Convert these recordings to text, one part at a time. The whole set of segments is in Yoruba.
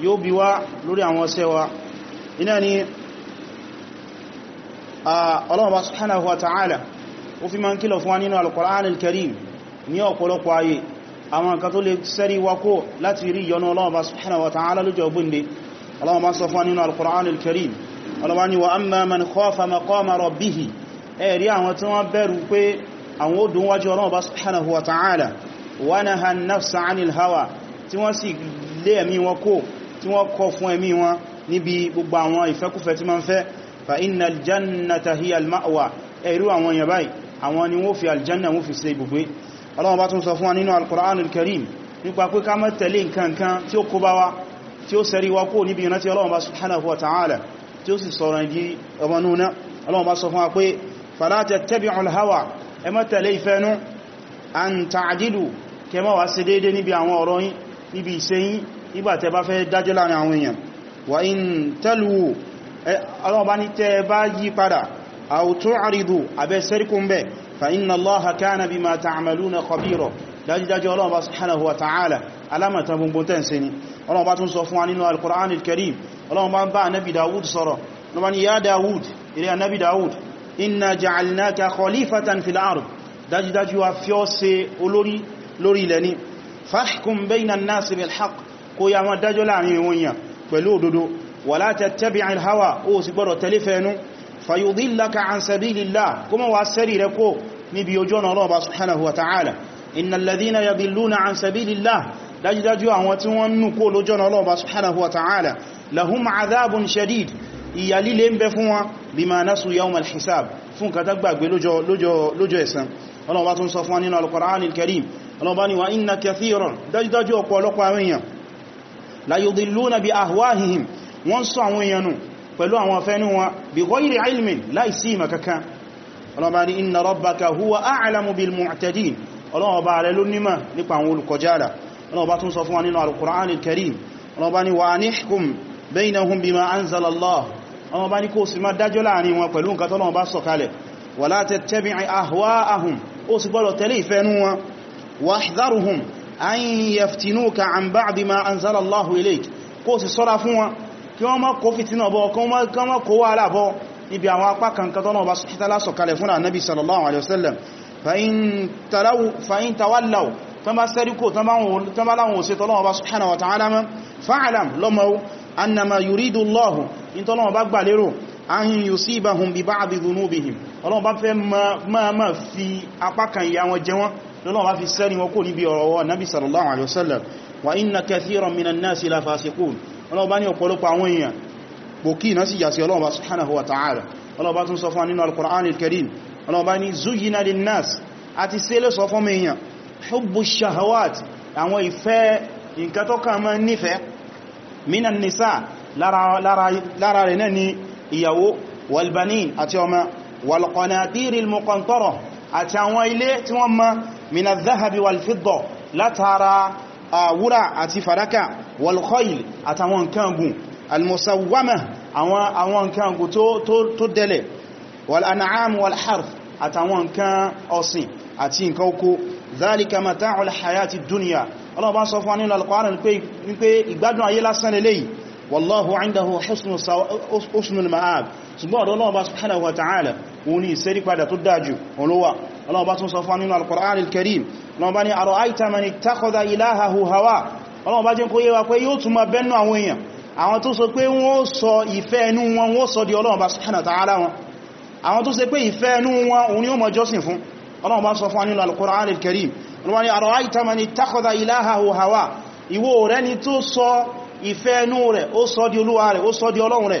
yóò bi wá lórí àwọn iṣẹ́ wa iná ni ọlọ́ọ̀bá subhanahu wa ta'ala ó fi máa ń kílọ̀ fún wa nínú al-Qur'an al-Karim ní ọ̀pọ̀lọpọ̀ ayé àwọn nǹkan tó lè sẹ́rí wakó láti rí yọnu ọlọ́ọ̀bá subhanahu wa ta'ala lójọ gbóndé ọlọ́ọ̀bá sọ fún wa nínú al-Qur'an al-Karim wọ́n sì lé ẹ̀mí wọn kó tí wọ́n kọ fún ẹ̀mí wọn níbi gbogbo àwọn ìfẹ́kúfẹ́ tí ma ń fẹ́ fa inna aljannata hiya alma'wa ẹ̀rú àwọn èèyàn báyìí àwọn ni wọ́n fi aljanna wọ́n fi ṣe ibùgbé ọlọ́wọ́n bá tún sọ fún wa nínú alkùránul karim nípa pé ká má tẹ̀lé nǹkankan tí ó kó bá wa tí ó sẹ́rí wa kó níbi ìrántí ọlọ́wọ́n bá nígbà tẹ bá fẹ́ dájọ́ láàrin àwọn èèyàn wà in tẹ́lùwò ọlọ́wọ́ bá ní tẹ bá yí padà àwòtó àrídù abẹ́ sẹ́ríkún bẹ́ fa inna Allaha kana bima ta'maluna khabira dájúdájú ọlọ́wọ́ fahkum bayna an-nas bil haqq kó yá wọn dájọ́ láàrin ìwọ̀n yàn pẹ̀lú òdodo wala tattabi'il hawa ó sì gbọ́dọ̀ tẹ̀lé fẹ́nu fayudillaka an sabilillah kó mọ́ wá sẹ́rì rẹ kó níbi ojú ọ̀nà Ọlọ́run subhanahu wa ta'ala innal wa inna kathiran dájúdájú ọ̀pọ̀ ọlọ́pọ̀ àwọn la yudilluna bi ahwahihim wọ́n sọ àwọn èèyàn nù pẹ̀lú àwọn afẹ́nu wọn bi ghayri ilmin láìsí ìmọ̀ kankan ọlọ́ba ní inna rabbaka huwa a'lamu bil mu'tadin ọlọ́ba alẹ́ ló nímọ̀ nípa àwọn olùkọjára ọlọ́ba tún sọ fún wa nínú al-Qur'an al-Karim ọlọ́ba ní wa anihkum bainahum bima wọn pẹ̀lú nǹkan tọ́lọ́ba an yaftinuka an ba'di ma anzala Allahu ilayk kó sì ṣọ́ra fún wọn kí wọ́n má kó fìtínà bọ́ kí wọ́n kó wàhálà bọ́ níbi àwọn apá kankan tọ́nà ọba títàlá sọ̀kalẹ̀ fún ànábì sallallahu alaihi wasallam fa in tawallaw tán bá sẹ́ríkò tán bá láwọn òsè tọ́lọ́wọ́ bá subhanahu wa ta'ala mọ́ fa'alam lọ́mọ́ annama yuridu Allahu in lọ́nà wá fi sẹ́rin wọn kò níbi ọ̀rọ̀ wọn nábi sallallahu alaihi wasallam wa inna kathiran minan nasi la fasiqun ọlọ́wọ́ bá ní ọ̀pọ̀lọpọ̀ àwọn èèyàn bòkí iná sí yàsí ọlọ́wọ́ bá subhanahu wa ta'ala ọlọ́wọ́ bá tún sọ fún nínú al-Qur'an al-Karim ọlọ́wọ́ bá ní zuyina lin nas àti sẹ́lẹ̀ sọ fún èèyàn lára rẹ̀ náà ni ìyàwó walbanin àti ọmọ walqanatiril muqantara àti àwọn ilé tí wọ́n mọ́ mina zahabi wal fidda látara wúrà àti fàdákà wal khayl àtàwọn nǹkan gùn almusawwama àwọn nǹkan gùn tó dẹ̀lẹ̀ wal an'am wal harf àtàwọn nǹkan ọ̀sìn àti nǹkan oko zalika mata'ul hayati dunya Allah bá sọ fún nínú al-Qur'an pé ìgbádùn ayé lásán lèyí wallahu 'indahu husnul ma'ab ṣùgbọ́n ọ̀dọ̀ Allah subhanahu òun ni ìsẹ́rí padà tó dájú olówà ọlọ́wọ́ bá tún sọ fún nínú al-Qur'an al-Karim ọlọ́wọ́ bá ní ara'ayta man ittakhadha ilahahu hawa ọlọ́wọ́ bá jẹ́ kó yé wa pé yóò tún ma bẹ́nu àwọn èèyàn àwọn tó sọ pé wọ́n sọ ìfẹ́ ẹnu wọn wọ́n sọ di ọlọ́wọ́ bá subhanahu wa ta'ala wọn àwọn tó sọ pé ìfẹ́ ẹnu wọn òun ni ó rẹ̀ ó sọ olúwa rẹ̀ ó sọ ọlọ́run rẹ̀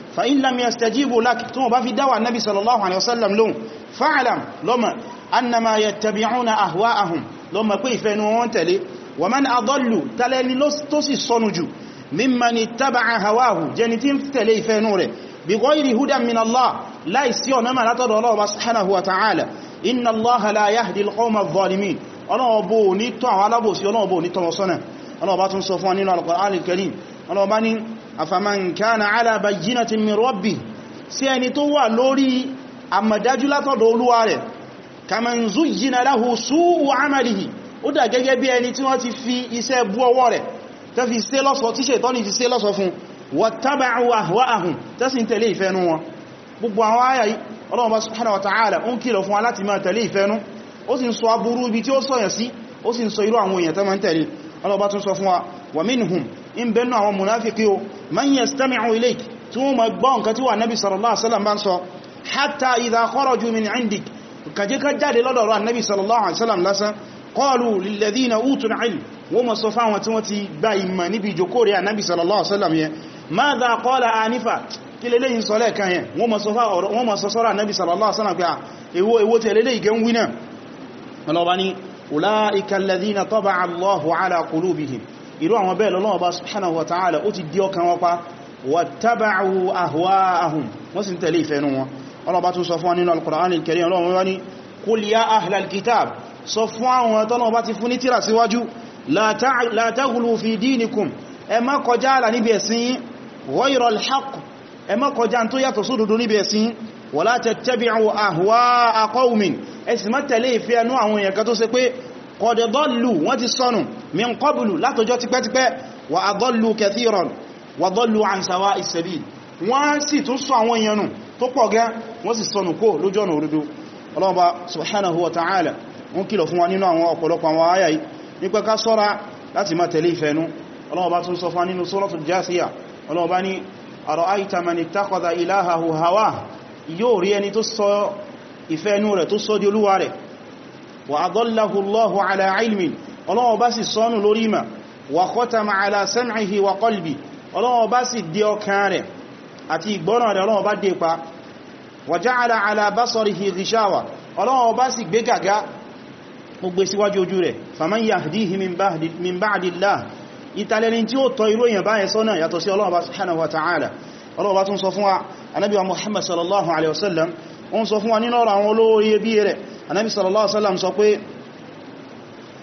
fa in lam yastajibu lak tó bá fi dáwà nabi sallallahu alaihi wasallam lóhun fa'alam lọ́mà annama yattabi'una ahwa'ahum lọ́mà pé ìfẹ́nu wọn tẹ̀lé wa man adallu tàlẹ́ni tó sì sọnù jù mimman ittaba'a hawahu jẹni tí ń tẹ̀lé ìfẹ́nu rẹ̀ bi ghayri hudan min Allah láìsí ọ̀nà mà látọ̀dọ̀ ní tọ́ àwọn alábòsí ọlọ́wọ́ ní tọ́ wọn tún sọ fún wa nínú al-Qur'an al ní afaman kana ala bayyinatin min rabbi sí ẹni tó wà lórí àmọ̀dájú látọ̀dọ̀ olúwa rẹ̀ kaman zuyyina lahu su'u amalihi ó dà gẹ́gẹ́ bí ẹni tí wọ́n ti fi iṣẹ́ bú ọwọ́ rẹ̀ tó fi ṣe lọ́sọ̀ tí ṣètánì fi ṣe lọ́sọ̀ fún wattaba'u ahwa'ahum tẹ́sì ń tẹ̀lé ìfẹ́nu wọn gbogbo àwọn ayà yìí Ọlọ́run bá subhanahu wa ta'ala ó ń kìlọ̀ fún wa láti máa tẹ̀lé ìfẹ́nu ó sì ń sọ aburú ibi tí ó sọ̀yàn sí ó sì ń sọ irú àwọn èèyàn tó máa ń tẹ̀lé Ọlọ́run bá wa wa minhum in bẹnu àwọn munafiki o man yastami'u ilayk tí wọ́n ma gbọ́ nǹkan tí wà nabi sallallahu alaihi wasallam bá ń sọ hatta idha kharaju min indik kaje ka jáde lọ́dọ̀ ra nabi sallallahu alaihi wasallam lásán qalu lil ladina utul ilm wọ́n ma sọ fa wọn tí wọ́n ti gba ìmọ̀ ní bi joko re nabi sallallahu alaihi wasallam yẹn madha qala anifa kile leyin sọ le kan yẹn wọ́n ma sọ fa wọ́n ma sọ sọ ra nabi sallallahu alaihi wasallam pé ah èwo èwo te lele ige nwina Allah bani ulaika alladhina taba'a Allahu irú àwọn bẹ́ẹ̀ lọ́lọ́wọ́ bá subhanahu wa ta'ala ó ti dí ọkàn wọn pa wattaba'u ahwa'ahum wọ́n sì ń tẹ̀lé ìfẹ́nu wọn ọlọ́ba tún sọ fún wọn nínú al-Qur'an al-Karim ọlọ́wọ́ wọn ni qul ya ahlal kitab sọ fún àwọn tọ́lọ́wọ́ bá ti fún ní tíra síwájú la taghlu fi dinikum ẹ má kọjá ẹ̀sìn má tẹ̀lé ìfẹ́ ẹnu àwọn èèyàn kan tó ṣe pé kọ̀dẹ̀dọ́lù wọ́n ti sọnù min qablu látọjọ́ tipẹ́tipẹ́ wà adọ́lù kathiran wà dọ́lù an sawa'i sabil wọ́n sì tún sọ àwọn èèyàn tó pọ̀ gẹ́ wọ́n sì sọnù kó lójú ọ̀nà òdodo ọlọ́ọ̀bá subhanahu wa ta'ala wọ́n kìlọ̀ fún wa nínú àwọn ọ̀pọ̀lọpọ̀ àwọn ayá yìí nípa ká sọ́ra láti máa tẹ̀lé ìfẹ́nu ọlọ́ọ̀bá tún sọ fún nínú suratul jasiya ọlọ́ọ̀bá rẹ̀ tó sọ olúwa rẹ̀ wa adallahu Allahu ala ilmin ọlọ́wọ́ bá sì sọ́nù lórí ìmà wa khatama ala sam'ihi wa qalbi ọlọ́wọ́ bá sì dé ọkàn rẹ̀ àti ìgbọ́ràn rẹ̀ ọlọ́wọ́ bá dé pa wa ja'ala ala basarihi ghishawa ọlọ́wọ́ bá sì gbé gàgá mo gbé síwájú ojú rẹ̀ faman yahdihi min ba'dillah ìtàlẹ́ni tí ó tọ́ irú èyàn báyẹn sọ́nà yàtọ̀ sí tún sọ fún wa nínú ọ̀rọ̀ àwọn olówó iye rẹ̀ anábi sallallahu alaihi wasallam sọ pé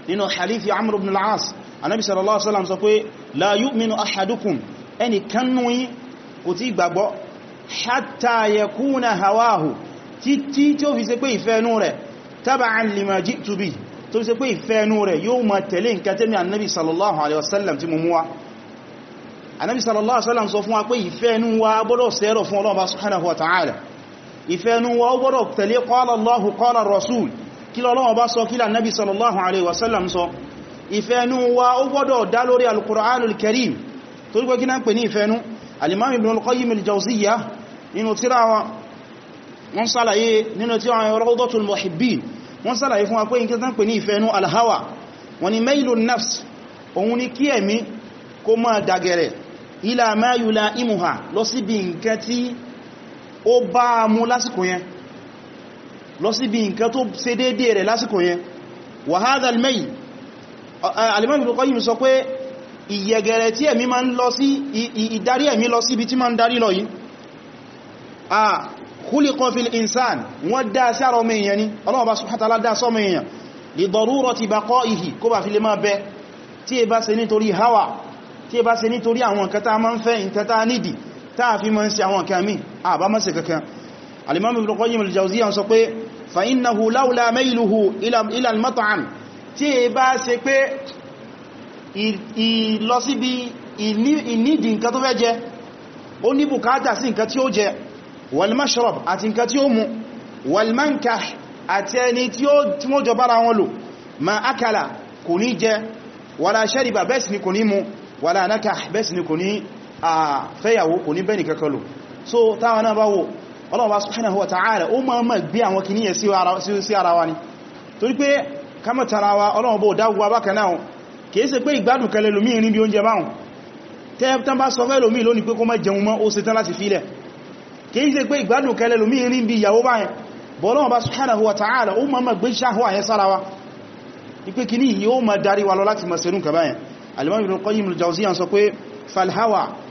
nínú hadithi amr ibn al-as anábi sallallahu alaihi wasallam sọ pé la yu'minu ahadukum ẹni kannu yí kò tí gbàgbọ́ hatta yakuna hawahu títí tí ó fi ṣe pé ìfẹ́nú rẹ̀ taba'an lima ji'tu bi tó fi ṣe pé ìfẹ́nú rẹ̀ yóò ma tẹ̀lé nǹkan tẹ́mi annabi sallallahu alaihi wasallam ti mú mú sallallahu alaihi wasallam sọ fún wa pé ìfẹ́nú wa gbọ́dọ̀ sẹ́rọ̀ fún Ọlọ́run subhanahu wa ta'ala ìfẹ́nu wa gbọ́dọ̀ tẹ̀lé qala Allahu qala rasul kí l'Ọlọ́hun bá sọ kí l'Ànábì sallallahu alaihi wasallam sọ ìfẹ́nu wa ó gbọ́dọ̀ dá lórí al-Qur'anul Karim torí pé kí náà pè ní ìfẹ́nu al-Imam Ibn al-Qayyim al-Jawziyyah nínú tírà wa wọ́n sálàyé nínú tí wọ́n Rawdatul Muhibbin wọ́n sálàyé fún wa pé nǹkan tán pè tí ó bá mú lásìkò yẹn lọ sí bí nǹkan tó ṣe dédé rẹ̀ lásìkò yẹn wa hadha al-mayl Al-Imam Ibn Qayyim sọ pé ìyẹ̀gẹ̀rẹ̀ tí ẹ̀mí máa ń lọ sí ìdarí ẹ̀mí lọ sí ibi tí máa ń darí lọ yìí à khuliqa fil insan wọ́n dá sára ọmọ èèyàn ni Ọlọ́hun subhanahu wa ta'ala dá sọmọ èèyàn li darurati baqa'ihi kó bá fi lè máa bẹ tí ẹ bá ṣe nítorí hawa tí ẹ bá ṣe nítorí àwọn nǹkan tá máa ń fẹ́ nǹkan tá táà fi mọ́ sí àwọn kẹmí àbá mọ́sí kankan al-imam ibn qayyim al-jawziyya sọ pé fa innahu lawla mayluhu ila al-mat'am tí è bá ṣe pé ìlọsíbi ìnídì nǹkan tó fẹ́ jẹ ó ní bùkátà sí nǹkan tí ó jẹ wal mashrab àti nǹkan tí ó mu wal àti ẹni tí ó jọ bára wọn lò ma akala kò ní jẹ wala shariba bẹ́ẹ̀ sì ni kò ní mu wala nakah bẹ́ẹ̀ sì ni kò ní fẹ́yàwó kò ní bẹ́ni kankanlò so táwọn náà bá wò Allah subhanahu wa ta'ala ó máa mọ̀ gbé àwọn kìníyàn sí ara wa ni torí pé kámọ̀tara wa ọlọ́wọ́ bó dáwọ́ bákan náà kìí ṣe pé ìgbádùn kẹlẹ̀ lómi ìrìn bí oúnjẹ báhùn tẹ́ẹ̀tán bá sọ fẹ́ lómi lónìí pé kó má jẹun mọ́ ó ṣe tán láti filẹ̀ kìí ṣe pé wa ta'ala ó máa mọ̀ gbé ṣáhùwà yẹn sára wa ipe kìíní yóò máa darí wa lọ láti mọ̀ sẹ́rùn kàbáyẹn sọ pé falhawa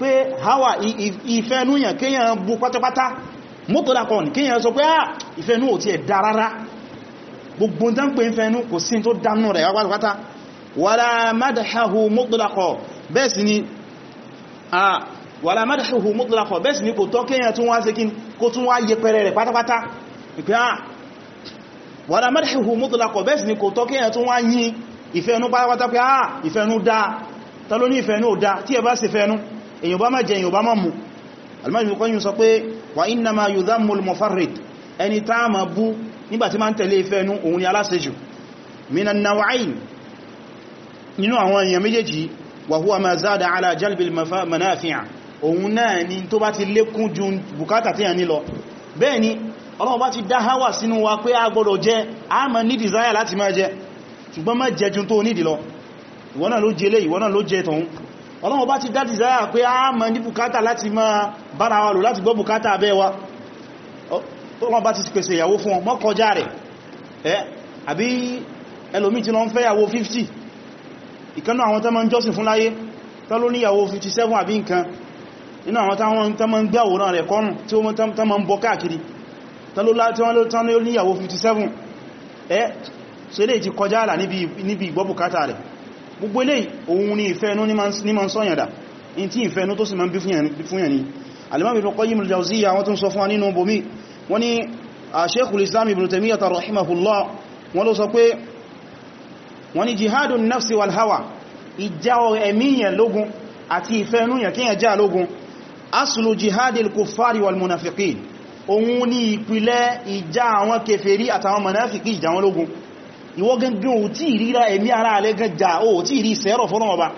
pé hawa ìfẹ́núyàn kíyàn bú pátápátá mọ́tòlákọ̀ọ̀n kíyàn sọ pé ah, ìfẹ́nú ò ti ẹ̀ dá rárá gbogbo tán pé ìfẹ́nú kò sí tó dánú rẹ̀ pátápátá wàlá mádàáhù mọ́tòlákọ̀ bẹ́ẹ̀ sì ni wàlá mádàáhù mọ́tòlákọ̀ bẹ́ẹ̀ sì ni kò tọ́ kíyàn tún wá ṣe kí kó tún wá yẹpẹrẹ rẹ̀ pátápátá ah, ni kò tọ́ kíyàn tún wá yín ìfẹ́nú pátápátá pé ah ìfẹ́nú dá tàlóní ìfẹ́nú ò dá tí ẹ bá ṣe fẹ́nú èyàn bá má jẹ èyàn bá má mú alimọ́jùmí kọ́ yíò sọ pé wà iná ma yóò dámú olùmọ̀fárèd ẹni tá ma bú nígbàtí ma ń tẹ̀lé ìfẹ́ ẹnu òun ni aláṣejù mina nawain nínú àwọn èèyàn méjèèjì wà húwa ma záda ala jalbil manafi'a òun náà ni tó bá ti lékún ju bùkátà tí a nílọ bẹ́ẹ̀ ni ọlọ́wọ́ bá ti dáháwà sínú ṣùgbọ́n má jẹ tó nídìí lọ ìwọ náà ló jẹ lé ìwọ náà ló jẹ tọ̀hún ọlọ́wọ́ bá ti dá desire pé a mọ̀ ní bùkátà láti máa bára wa lò láti gbọ́ bùkátà abẹ́ wa ọlọ́wọ́ bá ti pèsè ìyàwó fún wọn mọ́kọjá rẹ̀ ẹ́ àbí ẹlòmí tí lọ ń fẹ́ ìyàwó 50 ìkanú àwọn tẹ́mọ́ ń jọ́sìn fún láyé tọ́ló ní ìyàwó 57 àbí nǹkan nínú àwọn tẹ́mọ́ ń gbé àwòrán rẹ̀ kọ́rùn tí ó ló ní ìyàwó 57 ẹ́ gbogbo eléyìí òun ni ìfẹ́ẹnú ní ma ń sọ́yàndà in tí ìfẹ́ẹnú tó sì ma ń bí fúnyàn ni al-imam ibn qayyim al-jawziyya wọ́n tún sọ fún wa nínú bomi wọ́n ni a sheikhul islam ibn taymiyyah rahimahullah wọ́n ló sọ pé wọ́n ni jihadun nafsi wal hawa ìjà ẹ̀míyàn lógun àti ìfẹ́ẹnú yàn ìwọ gangan ò tí ìríra ẹ̀mí ara alẹ́ gan jà ó tí ìrí ìsẹ́rọ̀ fọ́nà ọba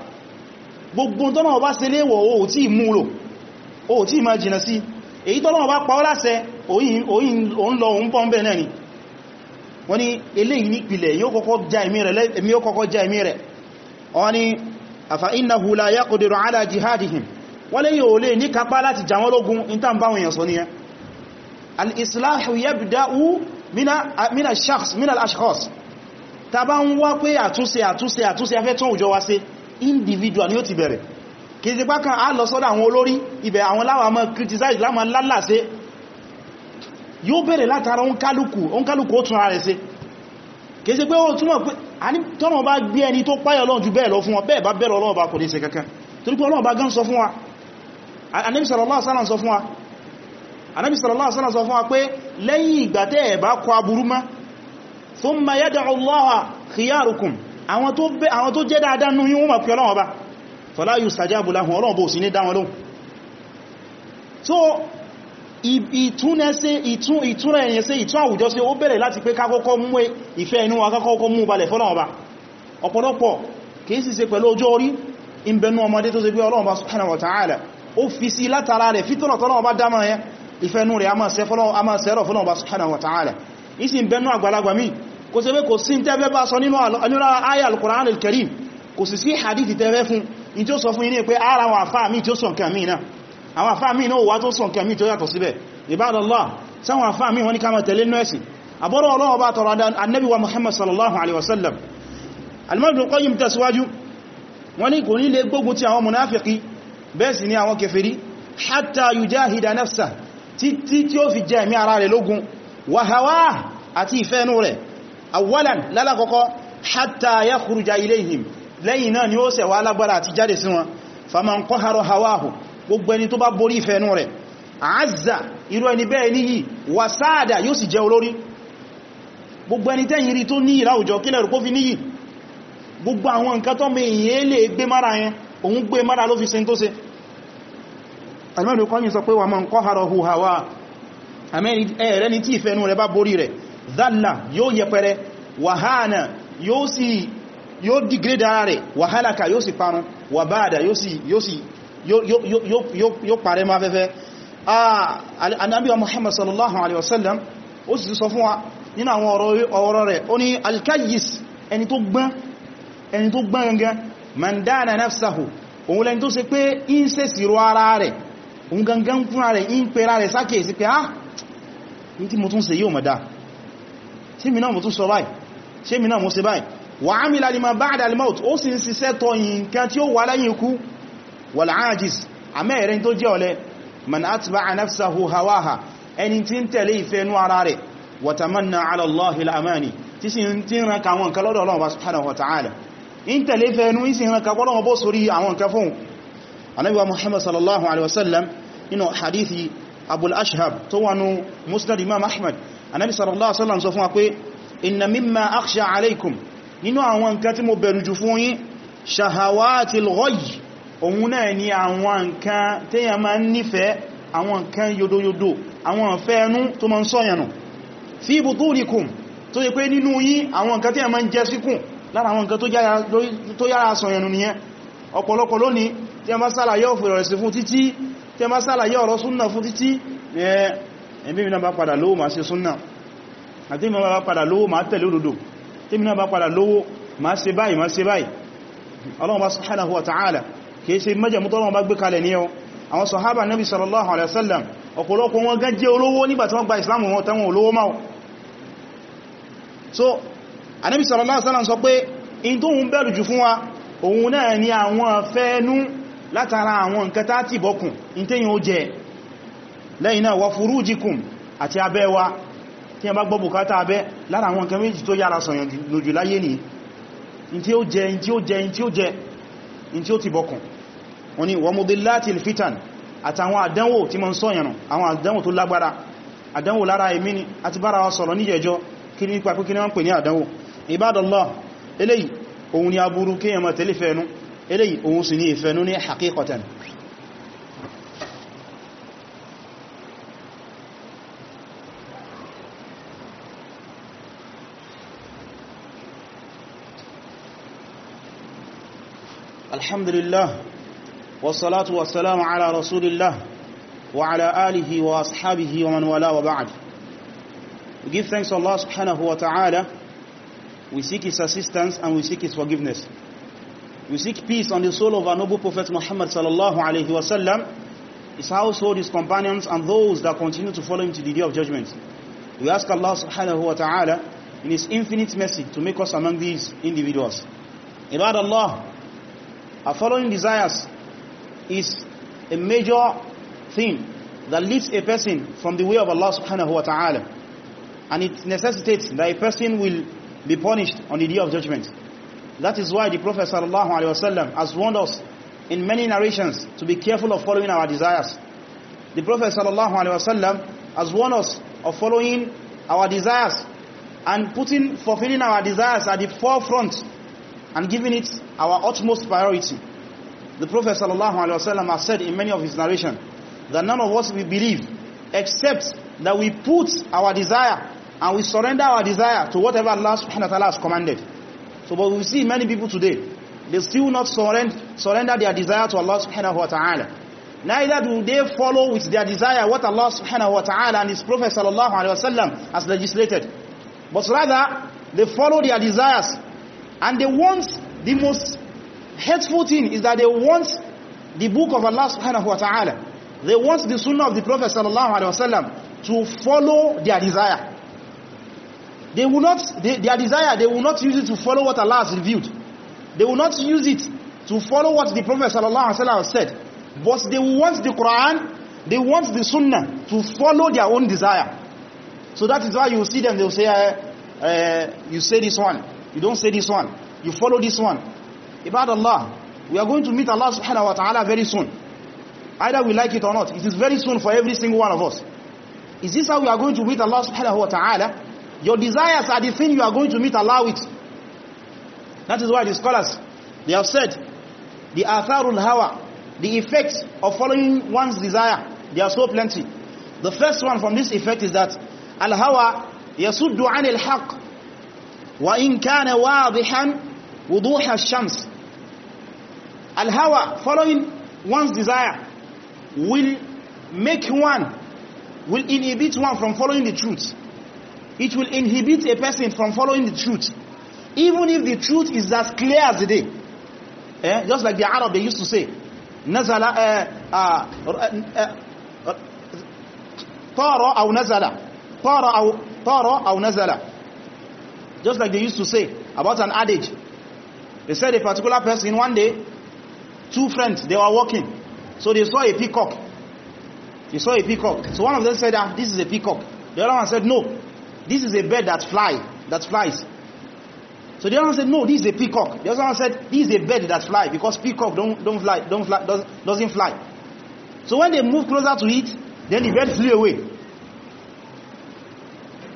gbogbo tọ́nà ọba ṣe léwọ̀ ó tí múlò ó tí ma jìnà sí èyí tọ́nà ọba pa ọ́ láṣẹ òun lọ òun pọ́ǹbẹ̀ náà ni wọ́n ni eléyìí nípìlẹ̀ yóò kọ́kọ́ já ẹ̀mí rẹ̀ wọ́n ni àfà innahu la yaqdiru ala jihadihim wọ́n léyìn ò al-islahu yabda'u mina mina shakhs mina al-ashkhas ta bá ń wá pé àtúnṣe àtúnṣe àtúnṣe afẹ́ tún òjò wa ṣe individual ni ó ti bẹ̀rẹ̀ kìí ṣe pákan á lọ sọ́dọ̀ àwọn olórí ibẹ̀ àwọn láwà mọ́ criticize láwọn lálàṣe yóò bẹ̀rẹ̀ látara oúnkálùkù oúnkálùkù ó tún ara rẹ̀ ṣe kìí ṣe pé ó túnmọ̀ pé a ní tọ́nà bá gbé ẹni tó páyọ̀ lọ́n ju bẹ́ẹ̀ lọ fún wọn bẹ́ẹ̀ bá thumma yad'u Allaha khiyarukum àwọn tó bẹ́ àwọn tó jẹ́ dáadáa nú yíwọ́n ma pẹ̀ ọlọ́wọ́ bá fala yustajabu lahum ọlọ́wọ́ bó sí ní dáwọn lóhun so ìtúnẹsẹ́ ìtún ìtúnra ẹ̀yẹsẹ́ ìtún àwùjọ sí ó bẹ̀rẹ̀ láti pé kákọ́kọ́ mú e, ìfẹ́ inú wa kákọ́kọ́ mú balẹ̀ fọ́lọ́wọ́ bá ọ̀pọ̀lọpọ̀ kìí sì ṣe pẹ̀lú ọjọ́ orí ìbẹnu ọmọdé tó ṣe pé Ọlọ́run bá subhanahu wa ta'ala ó fi sí látara rẹ̀ fítọ́nà tọ́lọ́wọ́ bá dámọ̀ yẹn ìfẹ́nú rẹ̀ a máa sẹ́rọ̀ fọ́lọ́wọ́ bá subhanahu wa ta'ala ìsìn bẹnu àgbàlagbà míì kò ṣe pé kò sí tẹ́fẹ́ bá sọ nínú ayà al-Qur'an al-Karim kò sì sí hadithi tẹ́fẹ́ fún in tí ó sọ fún yín pé ara àwọn àfáà mi tí ó sọ nǹkan mi náà àwọn àfáà mi náà wà tó sọ nǹkan mi tó yàtọ̀ síbẹ̀ Ibadallah wa Muhammad sallallahu alaihi wasallam al-Imam Qayyim tẹ̀síwájú wọ́n ní kò ní lè gbógun ti àwọn munafiki bẹ́ẹ̀ sì ni àwọn kèfèrí hatta yujahida nafsa títí tí ó fi awalan lálàkọ́kọ́ hatta ya kúrùjá iléhìm lẹ́yìn náà ni ó sẹ̀ wà alágbára àti jáde sí wọn faman kọ́harọ hawahu gbogbo ẹni tó bá borí ìfẹ́nú rẹ̀ azza irú ẹni bẹ́ẹ̀ níyì wasáàdà yóò sì jẹ olórí gbogbo ẹni tẹ́yìn rí tó ní ìráwùjọ kílẹ̀ rú kó fi níyì gbogbo Zalla yóò yẹpẹrẹ wàhánà yóò sì yóò dìgrédà rẹ̀ wàhálàkà yóò sì parun wàbáàdà yóò sì yóò sì yóò parẹ́ máa fẹ́fẹ́ Ànábì Muhammad sallallahu alaihi wasallam ó sì sọ fún wa nínú àwọn ọ̀rọ̀ rẹ̀ ó ní alkayis ẹni tó gbọ́n ẹni tó gbọ́n gangan man dana nafsahu òun lẹni tó ṣe pé in ṣe sírò ara rẹ̀ òun gangan fúnra rẹ̀ in pera rẹ̀ sákèsí pé ah ní tí mo tún ṣe yóò mọ̀ dáa ṣé mi náà mo tún sọ báyìí ṣé mi náà mo ṣe báyìí wa amila lima ba'da al-maut ó sì ń ṣiṣẹ́ tọ nǹkan tí ó wà lẹ́yìn ikú wal ajiz àmẹ́rẹ́ tó jẹ́ ọ̀lẹ man atba'a nafsahu hawaha ẹni tí ń tẹ̀lé ìfẹ́ inú ara rẹ̀ wa tamanna ala Allahi al-amani tí sì ń tí ń ranka àwọn nǹkan lọ́dọ̀ Ọlọ́run subhanahu wa tẹ̀lé anábi sallallahu alaihi wasallam sọ fún wa pé inna mimma akhsha alaikum nínú àwọn nǹkan tí mo bẹ̀rù jù fún yín shahawatil ghayy òun náà ni àwọn nǹkan téèyàn máa ń nífẹ̀ẹ́ àwọn nǹkan yodoyodo àwọn ìfẹ́ẹnú tó máa ń sọ́yànù fi butunikum tó yẹ pé nínú yín àwọn nǹkan téèyàn máa ń jẹ síkùn lára àwọn nǹkan tó yára sọ̀yànù nìyẹn ọ̀pọ̀lọpọ̀ lónìí tí a máa sálàyé ọ̀fẹ́ rẹ̀ sí fún títí tí a máa sálàyé ọ̀rọ̀ súnnà fún títí ẹ̀bí mìíràn bá padà lówó ma ṣe súnnà àti mìíràn bá padà lówó ma tẹ̀lé òdodo tí mìíràn bá padà lówó ma ṣe báyìí ma ṣe báyìí Ọlọ́run bá subhanahu wa ta'ala kìí ṣe mẹ́jẹ̀mú tọ́lọ́run bá gbé kalẹ̀ nabi sallallahu alaihi wasallam ọ̀pọ̀lọpọ̀ wọn gan jẹ́ olówó nígbà tí wọ́n gba so anabi sallallahu alaihi wasallam sọ pé in tó ni àwọn fẹ́ẹ̀nú látara àwọn nǹkan tá ti bọ́kùn in tẹ́yìn lẹ́yìn náà wa furujikum àti abẹ́ wa tí a bá gbọ́ bùkátà abẹ́ lára àwọn nǹkan méjì tó yára sọ̀yàn lójú láyé ní in tí ó jẹ in tí ti bọ̀kùn wọ́n ni wa mudillatil fitan àtàwọn àdánwò tí ma ń sọ̀yàn àwọn àdánwò tó lágbára àdánwò lára èmi ni àti bára wa sọ̀rọ̀ ní jẹjọ kí ní pàpí kí ní wọ́n pè ní àdánwò ibadallah eléyìí òun ni aburú kéèyàn mọ̀ tẹ́lifẹ̀ẹ́nu eléyìí òun sì ní ìfẹ́nu ní haqiqatan الحمد لله والصلاة والسلام على رسول الله وعلى آله وأصحابه ومن ولا وبعد We give thanks to Allah subhanahu wa ta'ala. We seek His assistance and we seek His forgiveness. We seek peace on the soul of our noble Prophet Muhammad sallallahu alayhi wa sallam, his household, his companions, and those that continue to follow him to the day of judgment. We ask Allah subhanahu wa ta'ala in His infinite mercy to make us among these individuals. Ibad Allah, Our following desires is a major thing that leads a person from the way of Allah subhanahu wa ta'ala. And it necessitates that a person will be punished on the day of judgment. That is why the Prophet sallallahu alaihi wasallam has warned us in many narrations to be careful of following our desires. The Prophet sallallahu alaihi wasallam has warned us of following our desires and putting fulfilling our desires at the forefront and giving it our utmost priority. The Prophet sallallahu ﷺ has said in many of his narration that none of us will believe except that we put our desire and we surrender our desire to whatever Allah subhanahu wa ta'ala has commanded. So but we see many people today, they still not surrender, surrender their desire to Allah subhanahu wa ta'ala. Neither do they follow with their desire what Allah subhanahu wa ta'ala and his Prophet sallallahu alayhi wa sallam has legislated. But rather, they follow their desires And they want the most hateful thing is that they want the book of Allah subhanahu wa ta'ala. They want the sunnah of the Prophet sallallahu alaihi wasallam to follow their desire. They will not they, their desire, they will not use it to follow what Allah has revealed. They will not use it to follow what the Prophet sallallahu alaihi wasallam said. But they want the Quran, they want the Sunnah to follow their own desire. So that is why you see them, they'll say, uh, uh, you say this one, you don't say this one. You follow this one. about Allah. We are going to meet Allah subhanahu wa ta'ala very soon. Either we like it or not. It is very soon for every single one of us. Is this how we are going to meet Allah subhanahu wa ta'ala? Your desires are the thing you are going to meet Allah with. That is why the scholars, they have said, the atharul hawa, the effects of following one's desire, they are so plenty. The first one from this effect is that al-hawa yasuddu anil haqq وإن كان واضحا وضوح الشمس الهوى following one's desire will make one will inhibit one from following the truth it will inhibit a person from following the truth even if the truth is as clear as the day eh? just like the Arab they used to say نزل طار أو نزل طار أو أو نزل Just like they used to say about an adage. They said a particular person, one day, two friends, they were walking. So they saw a peacock. They saw a peacock. So one of them said, ah, this is a peacock. The other one said, no, this is a bird that fly, that flies. So the other one said, no, this is a peacock. The other one said, this is a bird that fly because peacock don't, don't fly, don't fly, doesn't, doesn't fly. So when they moved closer to it, then the bird flew away.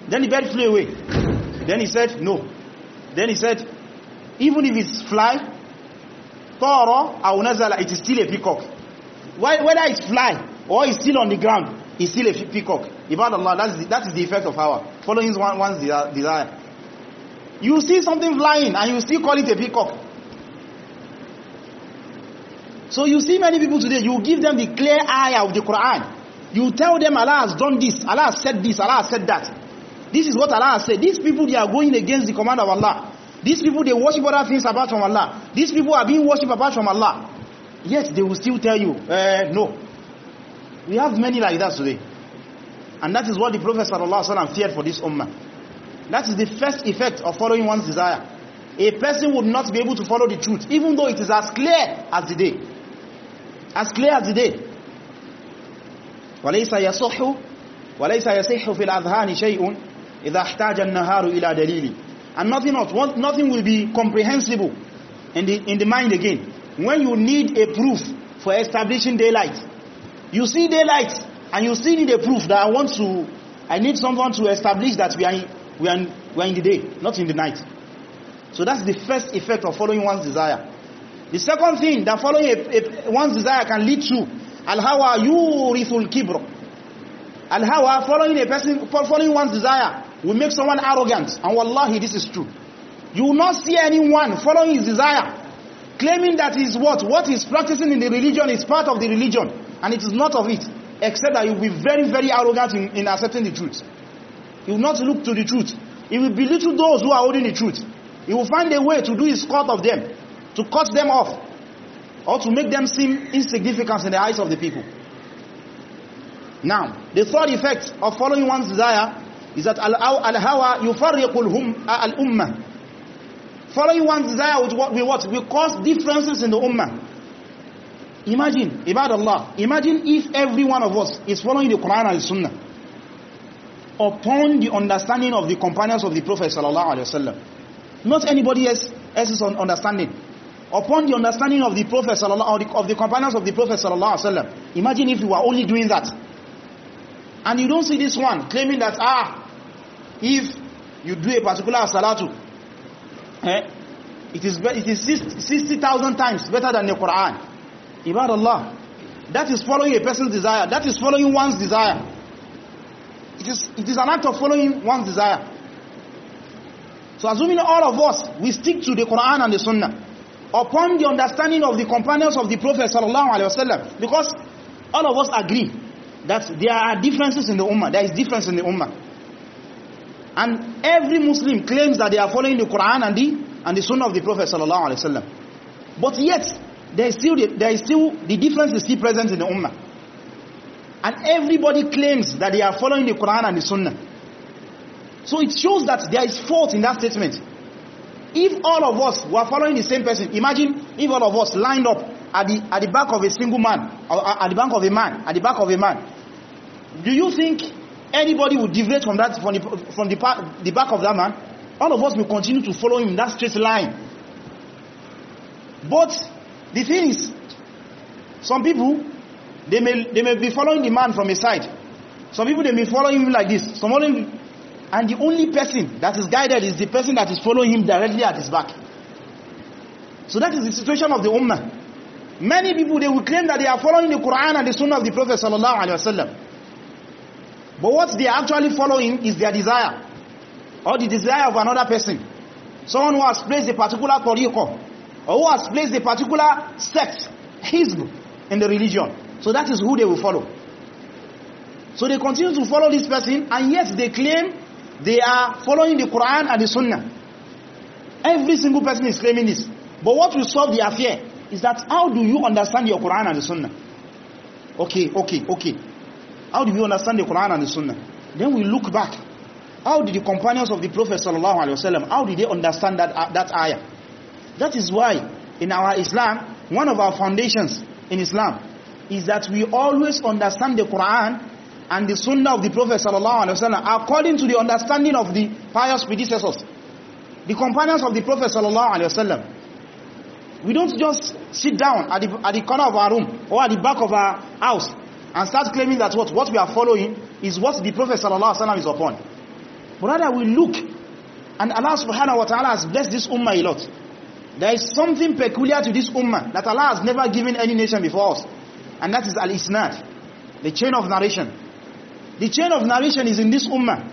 Then the bird flew away. Then he said, no. Then he said, even if it's fly, tọ́ọ̀rọ̀ àwọnazala, it is still a peacock. Why, whether it's fly or it's still on the ground, it's still a peacock. Ibad Allah, that is the, that is the effect of our following one's desire. You see something flying and you still call it a peacock. So you see many people today, you give them the clear eye of the Quran. You tell them Allah has done this, Allah has said this, Allah has said that. This is what Allah has said. These people, they are going against the command of Allah. These people, they worship other things apart from Allah. These people are being worshipped apart from Allah. Yet, they will still tell you, eh, no. We have many like that today. And that is what the Prophet ﷺ feared for this ummah. That is the first effect of following one's desire. A person would not be able to follow the truth, even though it is as clear as the day. As clear as the day. وَلَيْسَ يَصُحُّ وَلَيْسَ يَصِحُّ فِي الْأَذْهَانِ شَيْءٌ إذا احتاج النهار إلى دليل and nothing else nothing will be comprehensible in the, in the mind again when you need a proof for establishing daylight you see daylight and you still need a proof that I want to I need someone to establish that we are in, we are in, we are in the day not in the night so that's the first effect of following one's desire the second thing that following a, a, one's desire can lead to al-hawa yurithul kibr al-hawa following a person following one's desire will make someone arrogant and wallahi this is true you will not see anyone following his desire claiming that is what what he's practicing in the religion is part of the religion and it is not of it except that he will be very very arrogant in, in accepting the truth he will not look to the truth he will belittle those who are holding the truth he will find a way to do his cut of them to cut them off or to make them seem insignificant in the eyes of the people now the third effect of following one's desire is that al-hawa yufarriqul hum uh, al-ummah following one's desire with what we what will cause differences in the ummah imagine ibad Allah imagine if every one of us is following the Quran and the Sunnah upon the understanding of the companions of the Prophet sallallahu alaihi wasallam not anybody else else's understanding upon the understanding of the Prophet sallallahu of the companions of the Prophet sallallahu alaihi wasallam imagine if you were only doing that and you don't see this one claiming that ah if you do a particular salatu eh, it is it is 60,000 times better than the Quran ibad Allah that is following a person's desire that is following one's desire it is it is an act of following one's desire so assuming all of us we stick to the Quran and the Sunnah upon the understanding of the companions of the Prophet sallallahu alaihi wasallam because all of us agree that there are differences in the ummah there is difference in the ummah And every Muslim claims that they are following the Quran and the, and the Sunnah of the Prophet sallallahu alaihi wasallam. But yet, there is still, there is still, the difference is still present in the Ummah. And everybody claims that they are following the Quran and the Sunnah. So it shows that there is fault in that statement. If all of us were following the same person, imagine if all of us lined up at the, at the back of a single man, or at the back of a man, at the back of a man. Do you think anybody will deviate from that from the, from the, part, the back of that man all of us will continue to follow him in that straight line but the thing is some people they may they may be following the man from a side some people they may follow him like this some only and the only person that is guided is the person that is following him directly at his back so that is the situation of the ummah many people they will claim that they are following the quran and the sunnah of the prophet sallallahu alaihi wasallam But what they are actually following is their desire or the desire of another person. Someone who has placed a particular tariqah or who has placed a particular sect, hizb in the religion. So that is who they will follow. So they continue to follow this person and yet they claim they are following the Quran and the Sunnah. Every single person is claiming this. But what will solve the affair is that how do you understand your Quran and the Sunnah? Okay, okay, okay. How do we understand the Quran and the Sunnah? Then we look back. How did the companions of the Prophet sallallahu alaihi wasallam? How did they understand that uh, that ayah? That is why in our Islam, one of our foundations in Islam is that we always understand the Quran and the Sunnah of the Prophet sallallahu alaihi wasallam according to the understanding of the pious predecessors, the companions of the Prophet sallallahu alaihi wasallam. We don't just sit down at the, at the corner of our room or at the back of our house and start claiming that what, what we are following is what the Prophet ﷺ is upon. But rather we look and Allah subhanahu wa ta'ala has blessed this ummah a lot. There is something peculiar to this ummah that Allah has never given any nation before us. And that is al-isnad, the chain of narration. The chain of narration is in this ummah.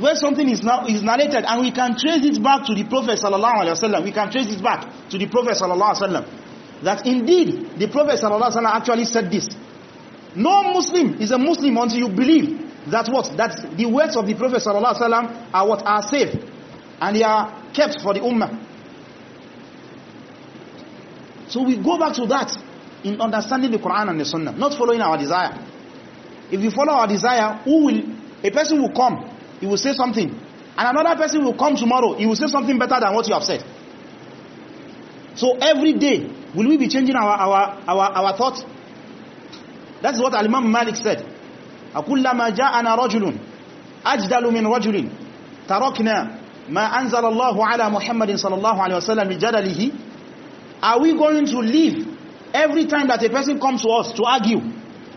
Where something is, now, is narrated and we can trace it back to the Prophet sallallahu alaihi wasallam. We can trace it back to the Prophet sallallahu alaihi wasallam. That indeed the Prophet sallallahu alaihi wasallam actually said this. No Muslim is a Muslim until you believe that what? That the words of the Prophet sallallahu alaihi wasallam are what are safe and they are kept for the ummah. So we go back to that in understanding the Quran and the Sunnah, not following our desire. If we follow our desire, who will a person will come, he will say something, and another person will come tomorrow, he will say something better than what you have said. So every day, will we be changing our our our, our thoughts? That is what Imam Malik said. أَكُلَّمَا جَاءَنَا رَجُلٌ أَجْدَلُ مِنْ رَجُلٍ تَرَكْنَا مَا أَنْزَلَ اللَّهُ عَلَى مُحَمَّدٍ صَلَى اللَّهُ عَلَيْهِ وَسَلَّمِ بِجَدَلِهِ Are we going to leave every time that a person comes to us to argue?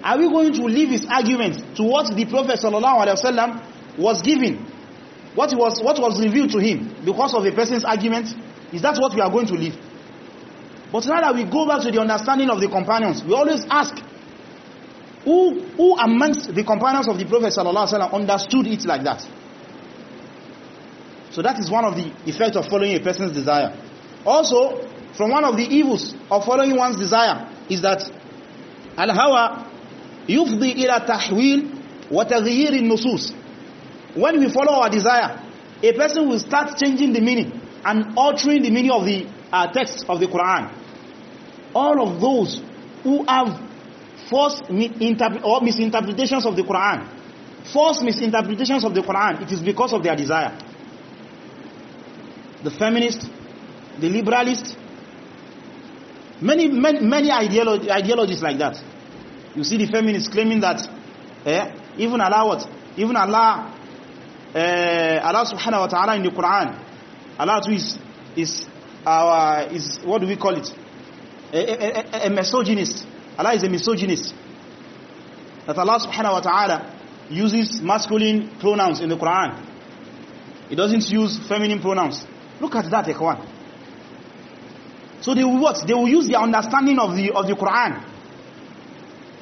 Are we going to leave his arguments to what the Prophet sallallahu alaihi wasallam was giving? What was what was revealed to him because of a person's argument? Is that what we are going to leave? But now that we go back to the understanding of the companions, we always ask, Who, who amongst the companions of the Prophet ﷺ understood it like that? So that is one of the effects of following a person's desire. Also, from one of the evils of following one's desire is that al-hawa yufdi ila tahwil wa taghyir an-nusus. When we follow our desire, a person will start changing the meaning and altering the meaning of the uh, text of the Quran. All of those who have false or misinterpretations of the Quran. False misinterpretations of the Quran, it is because of their desire. The feminist, the liberalist, many, many, many ideolo ideologies like that. You see the feminists claiming that eh, even Allah what? Even Allah, eh, Allah subhanahu wa ta'ala in the Quran, Allah too is, is, our, is, what do we call it? a, a, a, a misogynist Allah is a misogynist. That Allah subhanahu wa ta'ala uses masculine pronouns in the Quran. He doesn't use feminine pronouns. Look at that, Ikhwan. So they will what? They will use their understanding of the of the Quran.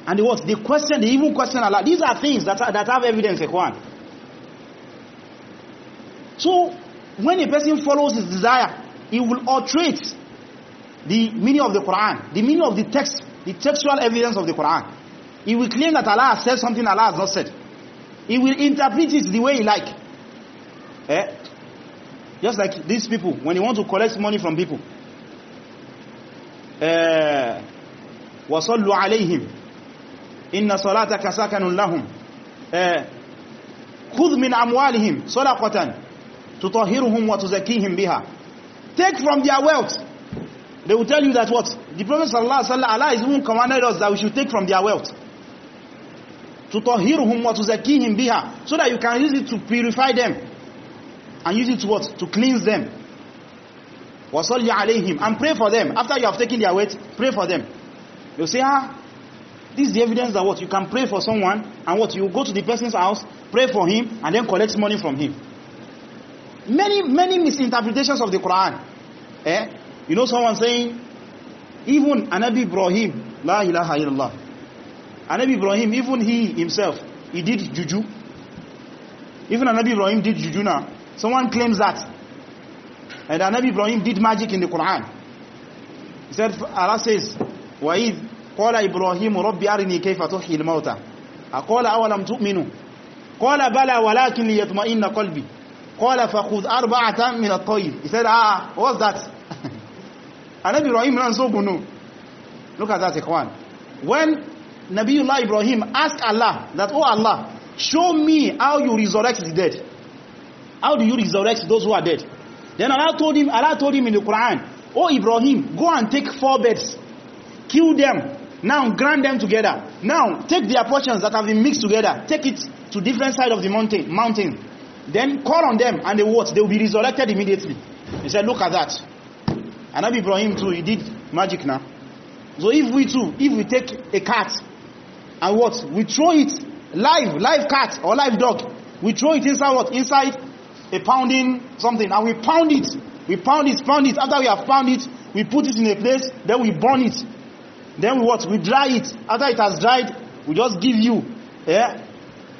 And they what? They question, they even question Allah. These are things that are, that have evidence, Ikhwan. So when a person follows his desire, he will alterate the meaning of the Quran, the meaning of the text the textual evidence of the Quran. He will claim that Allah has said something Allah has not said. He will interpret it the way he like. Eh? Just like these people, when you want to collect money from people. Eh, وَصَلُّوا عَلَيْهِمْ إِنَّ صَلَاتَكَ سَكَنٌ لَهُمْ eh, خُذْ مِنْ أَمْوَالِهِمْ صَدَقَةً تُطَهِرُهُمْ وَتُزَكِّيهِمْ بِهَا Take from their wealth They will tell you that what? The Prophet sallallahu alaihi wasallam Allah is even commanded us that we should take from their wealth. To tahhiruhum wa tuzakkihim biha. So that you can use it to purify them. And use it to what? To cleanse them. Wa salli alayhim. And pray for them. After you have taken their wealth, pray for them. you say, ah, this is the evidence that what? You can pray for someone and what? You go to the person's house, pray for him, and then collect money from him. Many, many misinterpretations of the Quran. Eh? You know someone saying, even Anabi Ibrahim, La ilaha illallah. Anabi Ibrahim, even he himself, he did juju. Even Anabi Ibrahim did juju now. Someone claims that. And Anabi Ibrahim did magic in the Quran. He said, Allah says, Qala Ibrahim إِبْرَاهِيمُ رَبِّ أَرِنِي كَيْفَ تُحْيِي الْمَوْتَى أَقَالَ أَوَلَمْ Qala bala بَلَى وَلَكِنْ لِيَطْمَئِنَّ قَلْبِي قَالَ فَخُذْ أَرْبَعَةً مِنَ الطَّيْرِ He said, ah, what's that? Anabi Ibrahim ran so nù look at that ikhwan when Nabiullah Ibrahim asked Allah that oh Allah show me how you resurrect the dead how do you resurrect those who are dead then Allah told him Allah told him in the Quran oh Ibrahim go and take four beds, kill them now grind them together now take the portions that have been mixed together take it to different side of the mountain mountain then call on them and they what they will be resurrected immediately he said look at that And Anabi Ibrahim too, he did magic now. So if we too, if we take a cat and what? We throw it live, live cat or live dog. We throw it inside what? Inside a pounding something and we pound it. We pound it, pound it. After we have pound it, we put it in a place, then we burn it. Then we what? We dry it. After it has dried, we just give you. Yeah?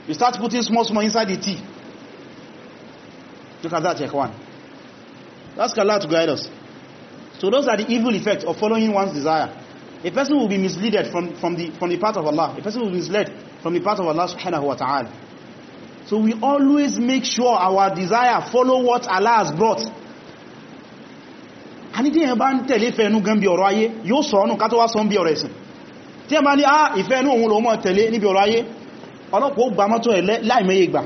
You start putting small, small inside the tea. Look at that, Ikhwan. Ask Allah to guide us. So those are the evil effects of following one's desire. A person will be misled from, from, the, from the path of Allah. A person will be misled from the path of Allah subhanahu wa ta'ala. So we always make sure our desire follow what Allah has brought. A ní tí ẹ bá ń tẹ̀lé ìfẹ́ inú gan bí ọ̀rọ̀ ayé yóò sọ ọ́nù kátọ́wà sọ bí ọ̀rọ̀ ẹ̀sìn. Tí ẹ bá ní àà ah, ìfẹ́ inú òun lòun tẹ̀lé níbi ọ̀rọ̀ ayé, ọlọ́pọ̀ gbà mọ́tọ̀ ẹ̀ láìmẹ́yẹ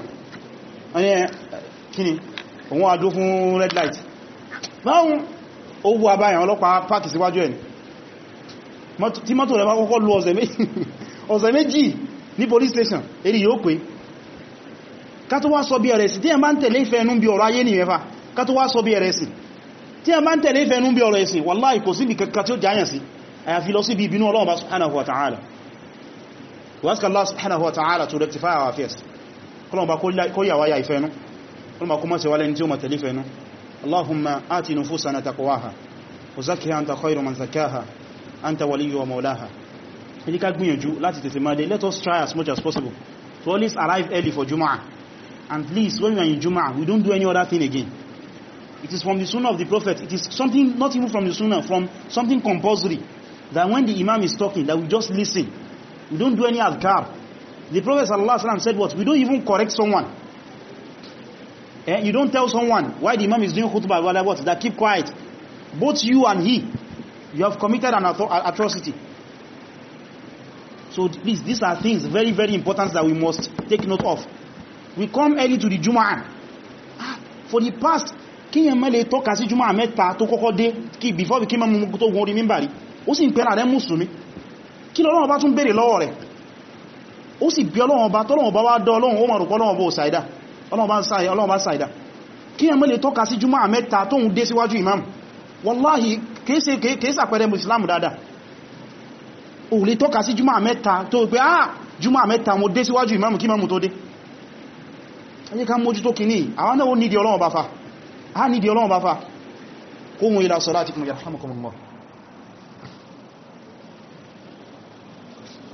ó wú abáyàn ọlọ́pàá páàkì síwájú ẹ̀ tí mọ́tò rẹ̀ bá kọ́kọ́ lu ọ̀sẹ̀ méjì ní police station èrí yóò pé ká tó wá sọ bí ẹ̀rẹ̀ sí tí ẹ máa ń tẹ̀lé ìfẹ́ ẹnu bí ọ̀rọ̀ ayé ní ẹfà ká tó wá sọ bí ẹ̀rẹ̀ sí tí ẹ máa ń tẹ̀lé ìfẹ́ ẹnu bí ọ̀rọ̀ ẹ̀sìn wàláì kò síbi kankan tí ó jáyàn sí àyàfi lọ síbi ìbínú Ọlọ́run bá subhanahu Allah ta'ala to rectify our affairs kọlọ̀n bá kó yà wáyà ìfẹ́ ẹnu kọlọ̀n bá kó mọ́ sí wálẹ́ni tí ó mọ̀ tẹ̀lé ìfẹ́ اللهم آت نفوسنا تقواها وزكها أنت خير من زكاها أنت ولي ومولاها ili ka gbìyànjú láti tètè máa dé let us try as much as possible to always arrive early for Jumu'ah and please when we are in Jumu'ah we don't do any other thing again it is from the sunnah of the prophet it is something not even from the sunnah from something compulsory that when the imam is talking that we just listen we don't do any adhkar the prophet sallallahu alaihi wasallam said what we don't even correct someone Eh, you don't tell someone why the imam is doing khutbah rather what that keep quiet both you and he you have committed an atrocity so please these are things very very important that we must take note of we come early to the Jum'ah. ah, for the past kíyàn mẹ́lẹ̀ tọ́ka sí Jumu'ah mẹ́ta tó kọ́kọ́ dé kí before we came mú tó gun orí mímbàrí ó sì ń pẹ́ra rẹ̀ mùsùlùmí kí lọ́lọ́wọ́ bá tún béèrè lọ́wọ́ rẹ̀ ó sì bí ọlọ́wọ́ bá tọ́lọ́wọ́ bá wá dọ́ ọlọ́wọ́ ọlọ́run bá sáìdá kí ẹmọ́ lè tọ́ka sí jùmọ́ àmẹ́ta tó ń dé síwájú imam wallahi kéèsè kéèsè àpẹẹrẹ muslimu dada o lè tọ́ka sí jùmọ́ àmẹ́ta tó pé ah jùmọ́ àmẹ́ta mo dé síwájú imam kí imam tó dé ẹni ká mójú tó kìíní àwọn náà ó nídi ọlọ́run bá fa